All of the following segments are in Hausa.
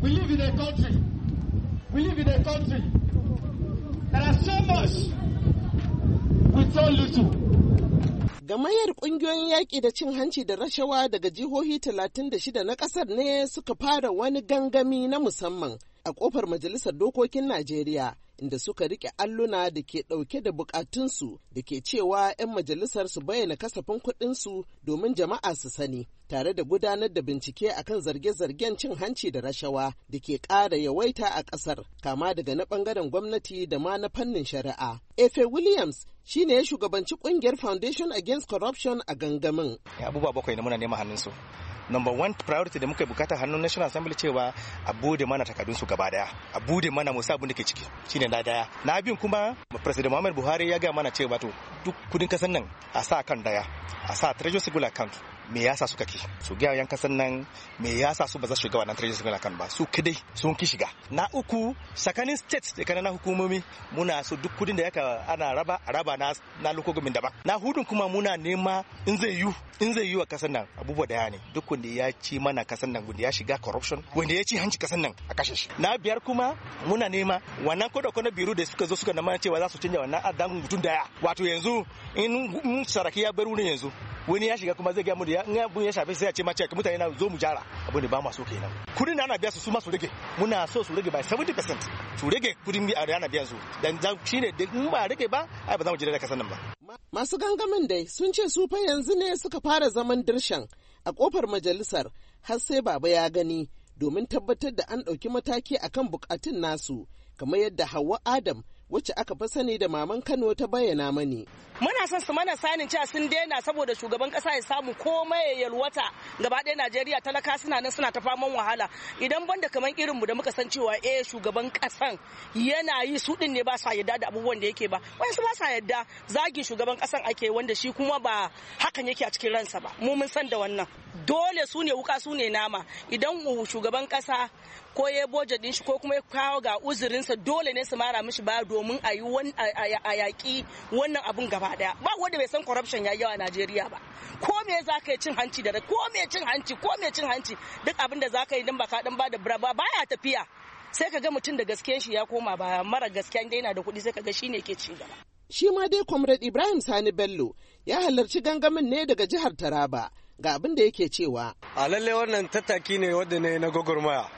We live in a country. We live in a country. There are so much with so little. Gamayyar ƙungiyoyin yaƙi da cin hanci da rashawa daga jihohi 36 na ƙasar ne suka fara wani gangami na musamman a ƙofar Majalisar Dokokin Najeriya inda suka rike alluna da ke ɗauke da bukatunsu da ke cewa 'yan majalisar su bayyana kasafin kuɗinsu domin jama'a su sani tare da gudanar da bincike akan zarge-zargen cin hanci da rashawa da ke ƙara yawaita a ƙasar kama daga na ɓangaren gwamnati da ma na fannin shari'a. Efe Williams shi ne ya shugabanci ƙungiyar Foundation Against Corruption a gangamin. Abubuwa bakwai na muna nema hannunsu. number one priority da muka bukata hannun national assembly cewa a bude mana takardun su gaba daya a bude mana musa abin da ke ciki shine na daya na biyun kuma president muhammad buhari ya ga mana cewa to duk kudin kasan nan a sa kan daya a sa treasury single account me yasa suka ki su ga yan kasan nan me yasa su ba za su shiga wannan traditional kan ba su kidai sun ki shiga na uku sakanin state da kana hukumomi muna so duk kudin da yaka ana raba a raba na na lokogumin daban na hudun kuma muna nema in zai yu in zai yu a kasan nan abubuwa da ne duk wanda ya ci mana kasan nan wanda ya shiga corruption wanda ya ci hanci kasan nan a kashe shi na biyar kuma muna nema wannan kodo kodo biro da suka zo suka na mana cewa za su canja wannan adan mutum daya wato yanzu in saraki ya baro ne yanzu wani ya shiga kuma zai ga mu da in ya shafe sai ya ce ma ka mutane na zo mu jara abu da ba ma so kenan kudin da ana biya su su ma su rage muna so su rage by 70% su rage kudin bi a da ana biya su dan shine in ba rage ba ai ba za mu ji da kasan nan ba masu gangamin dai sun ce su fa yanzu ne suka fara zaman dirshan a kofar majalisar har sai baba ya gani domin tabbatar da an ɗauki mataki akan bukatun nasu kamar yadda Hauwa Adam wacce aka fi sani da maman Kano ta bayyana mani. Muna son su mana sanin cewa sun daina saboda shugaban kasa ya samu komai ya yalwata gaba ɗaya Najeriya talaka suna nan suna ta faman wahala idan banda kamar mu da muka san cewa eh shugaban kasan yana yi su din ne ba sa yadda da abubuwan da yake ba su ba sa yadda zagi shugaban kasan ake wanda shi kuma ba hakan yake a cikin ransa ba mu mun san da wannan dole su ne wuka su ne nama idan shugaban kasa ko ya boje din shi ko kuma ya kawo ga uzurinsa dole ne su mara mishi ba domin a yi a yaƙi wannan abun gaba daya ba wanda bai san corruption ya yawa a Najeriya ba ko me za ka yi cin hanci da ko me cin hanci ko me cin hanci duk abin da za ka yi dan baka dan bada da ba baya tafiya sai ka ga mutum da gaske shi ya koma ba mara gaskiyan yana da kuɗi sai ka ga shine ke ci gaba shi ma dai comrade Ibrahim Sani Bello ya halarci gangamin ne daga jihar Taraba ga abin da yake cewa a lalle wannan tattaki ne wanda ne na gwagwarmaya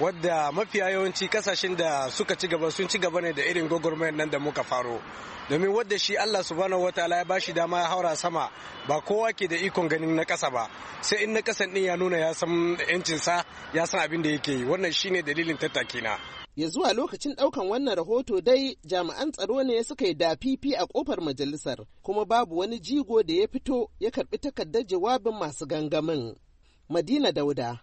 wadda mafiya yawanci kasashen da suka ci gaba sun ci gaba ne da irin gwagwarmayar nan da muka faro domin wadda shi Allah subhanahu Ta'ala ya shi dama ya haura sama ba kowa ke da ikon ganin na kasa ba sai in na kasan din ya nuna ya san yancin sa ya san abin da yake yi wannan shine dalilin tattaki na ya zuwa lokacin ɗaukan wannan rahoto dai jami'an tsaro ne suka yi dafifi a kofar majalisar kuma babu wani jigo da ya fito ya karbi takardar jawabin masu gangamin madina dauda